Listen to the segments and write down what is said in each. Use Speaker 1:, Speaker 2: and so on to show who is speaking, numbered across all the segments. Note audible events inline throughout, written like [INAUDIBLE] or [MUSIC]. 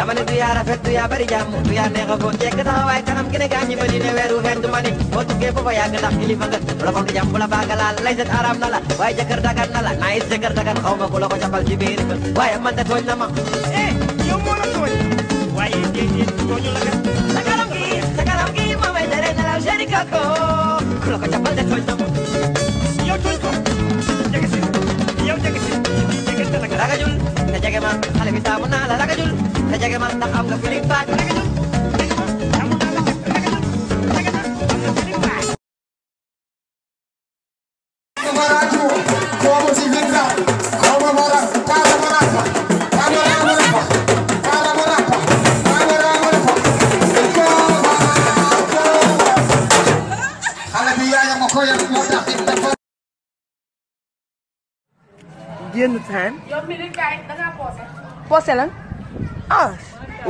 Speaker 1: dama ne du a rafet du yaa bari jàmm du yaa neex a foo jekk taxawaay kanam gi ne gaañi ba di ne weeru xeet du ma ne boo tukkee foofa yàgg ndax kilifa nga bu la fonk jàmm bu la baaga laal lay araam na la waaye jëkkër dagan na la naa is jëkkër dagan xaw ku la ko jàppal ci biir waaye tooñ na ma eh yow moo la tooñ waaye déedéet tooñu la génn time. yow mii dañu kaay da ngaa poosé. poosé lan ah.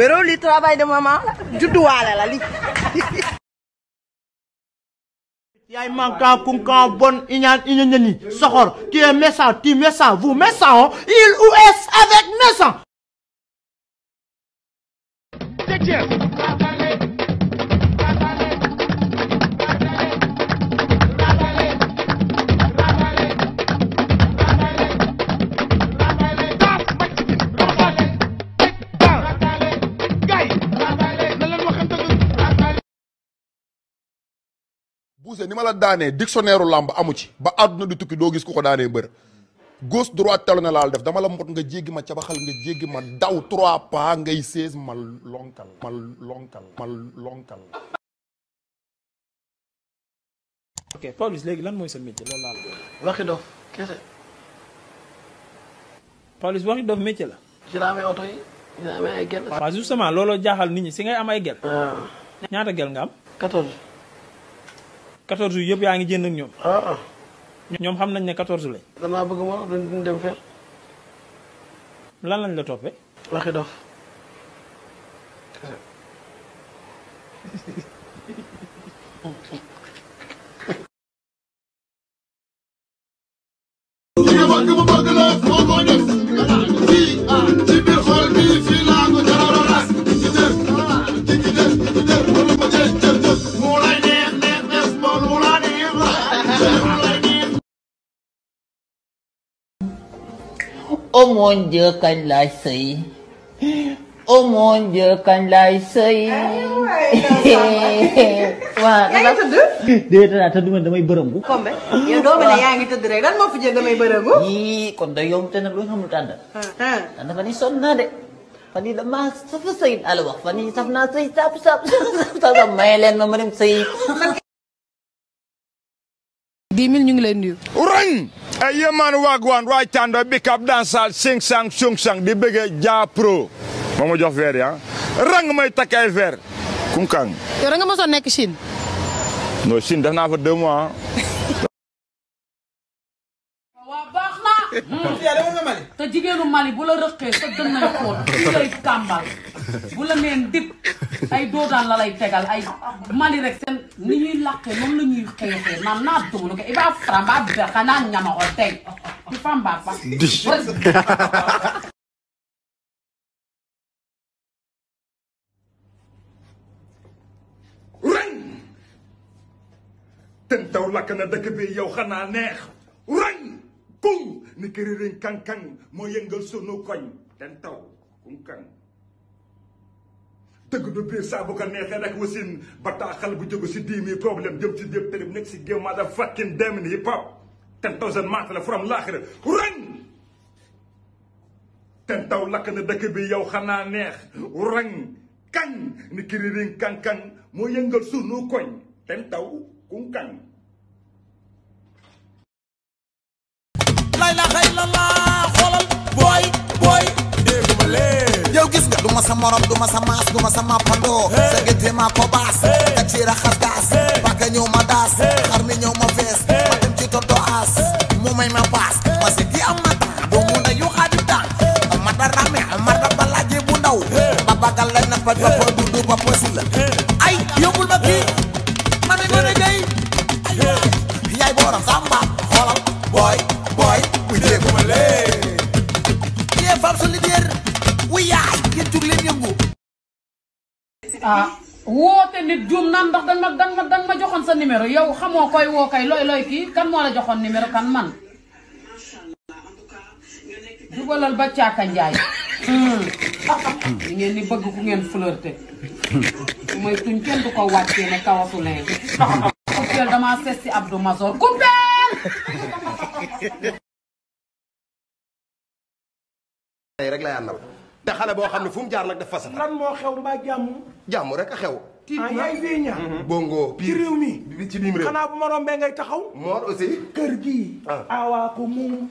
Speaker 1: wéroo li travail de maman la judduwaale la li. [LAUGHS] yaay manquant kunkan bon iñaan iñañani soxor tu es méchant tu méchant vous méchant il ou est avec méchant ni ma la daanee dictionnaire làmb amu ci ba na di tukki doo gis ku ko daanee mbër goos droite talon na laal def dama la moot nga jéggi ma cabaxal nga jéggi ma daw troit pas ngay seize ma lonkal ma lonkal ma lonkal. ok léegi lan mooy sa métier loolu laa la. waxi dof kese. la. ci looloo jaaxal nit ñi si ngay am ay gel. Ah. ñaata gel nga am. quatorze yëpp yaa ngi jënd ak ñoom. Ah, ah. ñoom xam nañ ne quatorze lañ. damaa bëgg ma duñ dem fenn. lan lañ la toppee. waxi ô mon Dieu kañ laay sëy ô mon Dieu kañ laay sëy [LAUGHS] waa yaa ngi tëdd déedéet danaa tëdd man damay bërëngu comme yaa ngi tëdd rek lan moo fi jël damay bërëngu yii kon day yomb te nag looy xamul tànn ah, ah. tànn fan yi sonn naa de fan yii dama safa sëy àll wax fan yii saf naa sëy saab saab [LAUGHS] saab saab may leen ma ma sëy Hey, eh, man wagwan right hand big up dansal sing di bëgg ja pro mama jox ah. rang may takk ay verre kunkang yow da nekk Chine non Chine def naa fa deux ah. bu la neen dip ay doodaan la lay tegal ay mali rek seen ni ñuy làqee moom la ñuy xeexee naan naa dumulu ko i b'a fara n b'a bɛɛ ka naa ɲama o tey i fan b'a fa rang ten taw lakk na dëkk bi yow xanaa neex rang kung ni këririn kankang moo yëngal sunu koñ ten taw kunkan tëgg du biir saa bu ko neexee rek wasin bataaxal bu jóge si diimi problème jëm ci jëm tërim nekk si géew maa da fakkin demini hip hop ten thousand matala from laaxira rëñ ten taw lakk na dëkk bi yow xanaa neex rëñ kañ ni kiririŋ kaŋ-kaŋ moo yëngal sunu koñ ten taw kuŋ kaŋ la ilaha illallah duma sa morom duma sa maas duma sa mappandoo sa géjjee maa ko baas teg ci raxas gaas paaka ñëw ma daas xar mi ñëw ma fees ma dem ci tonto aas mu may ma paas ma si am mata do mu na yu xaadi daan ma da rame ma da balaaje bu ndaw ba bagal lañ na pa ba dudu ba posi la ay yóbbul ma kii ma ne gone gay yaay booram samba xoolal booy booy bu jéego ma lee ah woote nit juum naan ndax dañ ma joxoon sa numéro yow xamoo koy woo koy looy kii kan moo la joxoon numéro kan man. dugalal ba caaka njaay. Hmm. li [LAUGHS] ngeen di bëgg ku ngeen flirté. mooy tuñ kenn du ko wàccee ne kawasu leen. Koupéel damaa seet si Abdou Mazor Koupéel. rek te xale boo xam ne fu mu jaar nag daf fas. lan moo xew mbaa jàmm. jàmm rek a xew. tiit naa ah yaay Vénia. Mm-hmm. bongo pire réew mi. bi ci biim réew bu ma rombee ngay taxaw. Mor aussi. kër gi. ah waaw ko moom. [LAUGHS]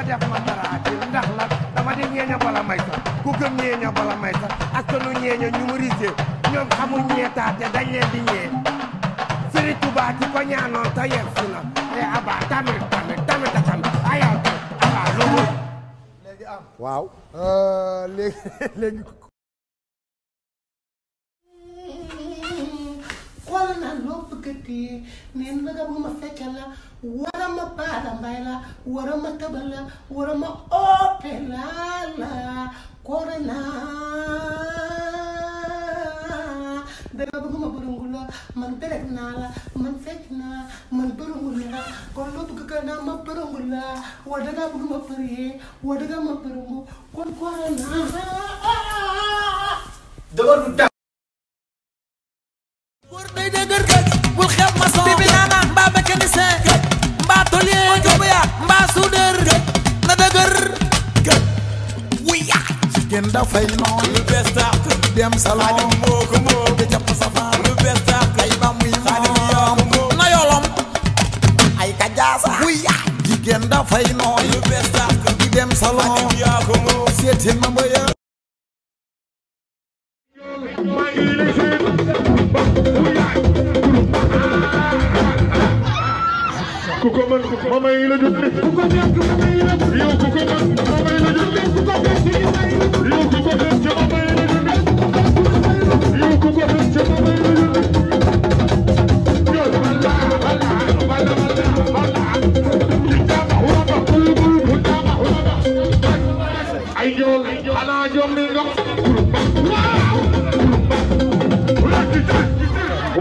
Speaker 1: nga def ma a ndax la dama di ñeeña bala may sax ku gëm ñeeña bala may sax askanu ñeeña ñu mu risé ñoom xamul ñeetaate dañ leen di ñee Sëriñ Tuubaa ci ko ñaanoon te yegg si na te aba tamit tamit tamit a xam ayaw aba am waaw euh, léegi [LAUGHS] léegi bëggati neen bëgga bu ma fecca la wara ma baada mbay la wara ma tëbal la wara ma oope la la koore naa dara ma bërëngu la man bereg naa la man fecc naa man bërëngu kon loo bëgg ma bërëngu la waa dangaa bëgg ma bëree waa dangaa ma bërëngu kon koore naa nin dafay noon lu bees tàq dem salon moo ko moom di jàpp safaan lu bees tàq ay ba muy moom na yolom ay kajaasa muy yaa jigéen dafay noon lu bees tàq di dem salon yaa ko moom seetin ma mbëya ku ko mën ma may la junni ku ko mën ku ko may la junni yow ku ko mën ma may la junni ku ko mën ci ma may la junni yow ku ko mën ci ma may la junni yow ku ko mën ci ma may la junni yow Allah Allah Allah Allah ay jool ana joom ni ndox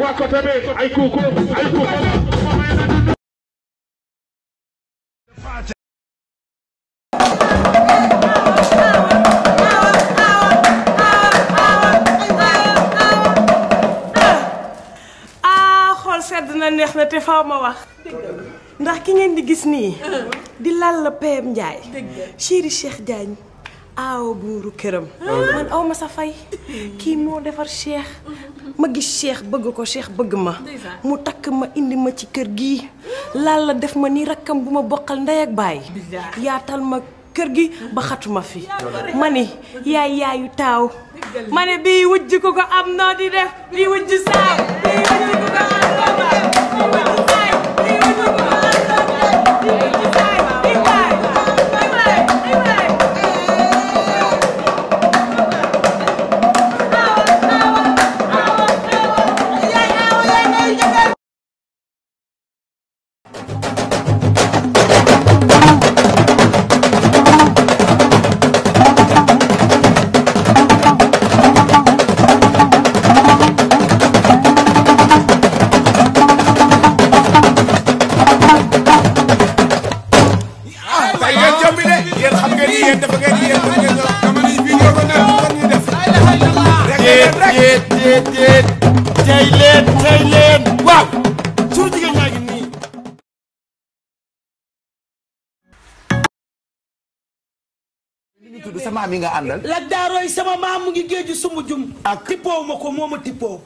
Speaker 1: waa ko tamit ay kuku ay kuku la neex na te faw ma wax. ndax ki ngeen di gis nii. di Lalla PM Ndiaye. chéri Cheikh Diagne. aaw buuru këram. man aw ma sa fay. kii moo defar Cheikh. ma gis Cheikh bëgg ko Cheikh bëgg ma. mu takk ma indi ma ci kër gi lal la def ma ni rakkam bu ma boqal ndey ak baay. yaatal ma kër gi ba xatuma fi. ma ni yaay yaayu taaw. ma ne bii wujj ko ko am noo di bii wujj saaw bii wujj Thank you. déedéet tey leen tey leen waaw suñu jigéen ñaa yi nga àndal. la sama maam mu ngi géeju sumb jum. ak tippoo ma ko moo ma tippoo.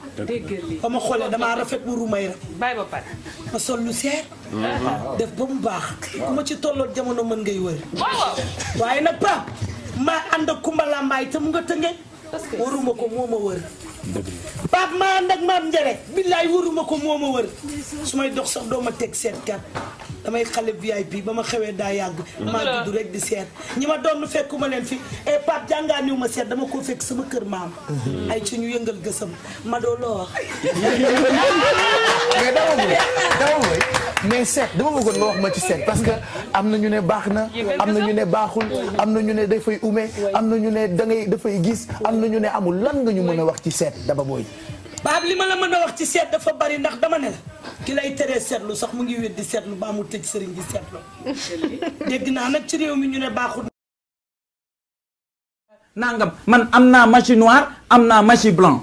Speaker 1: ba ma xoolee damaa rafet wu rumay ra. ba pare. ma sol lu seer. Mm-hmm. def ba mu baax. ku ma ci tolloon jamono mën ngay wër. waaye nag pa maa ànd ak Kumba te mu nga tënge. waruma ko moo ma wër. Pape maa ànd ak maam Ndiare. billaay wëruma ko moo ma wër. su may dox sax doo ma teg kat damay xale VIP ba ma xewee daa yàgg. maa du rek di seet. ñi ma doon fekkuma leen fi et eh, Pape jàngaaniw ma seet dama ko fekk sama kër maam. Mhm. ay ci ñu yëngal gësam ma doo loo wax. [LAUGHS] mais dama mooy mais seet dama bëggoon nga wax ma ci seet parce que am na ñu ne baax na am na ñu ne baaxul am na ñu ne dafay ume am na ñu ne da ngay dafay gis am na ñu ne amul lan nga ñu mën a wax ci seet daba booy. baab li ma la mën a wax ci seet dafa bari ndax dama ne la ki lay teree seetlu sax mu ngi weddi seetlu ba amul tëj sëriñ di seetlu dégg naa nag ci réew mi ñu ne baaxul. nangam man am naa machine noire am naa machine blanc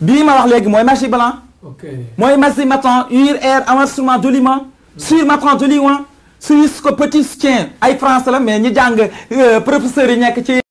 Speaker 1: bii ma wax léegi mooy machine blanc. mooy Mazzy Matang UR air avancement joliment sur Matang joliment suisse ko petit chien ay français la mais ñu jàng euh, professeurs yi nekk ci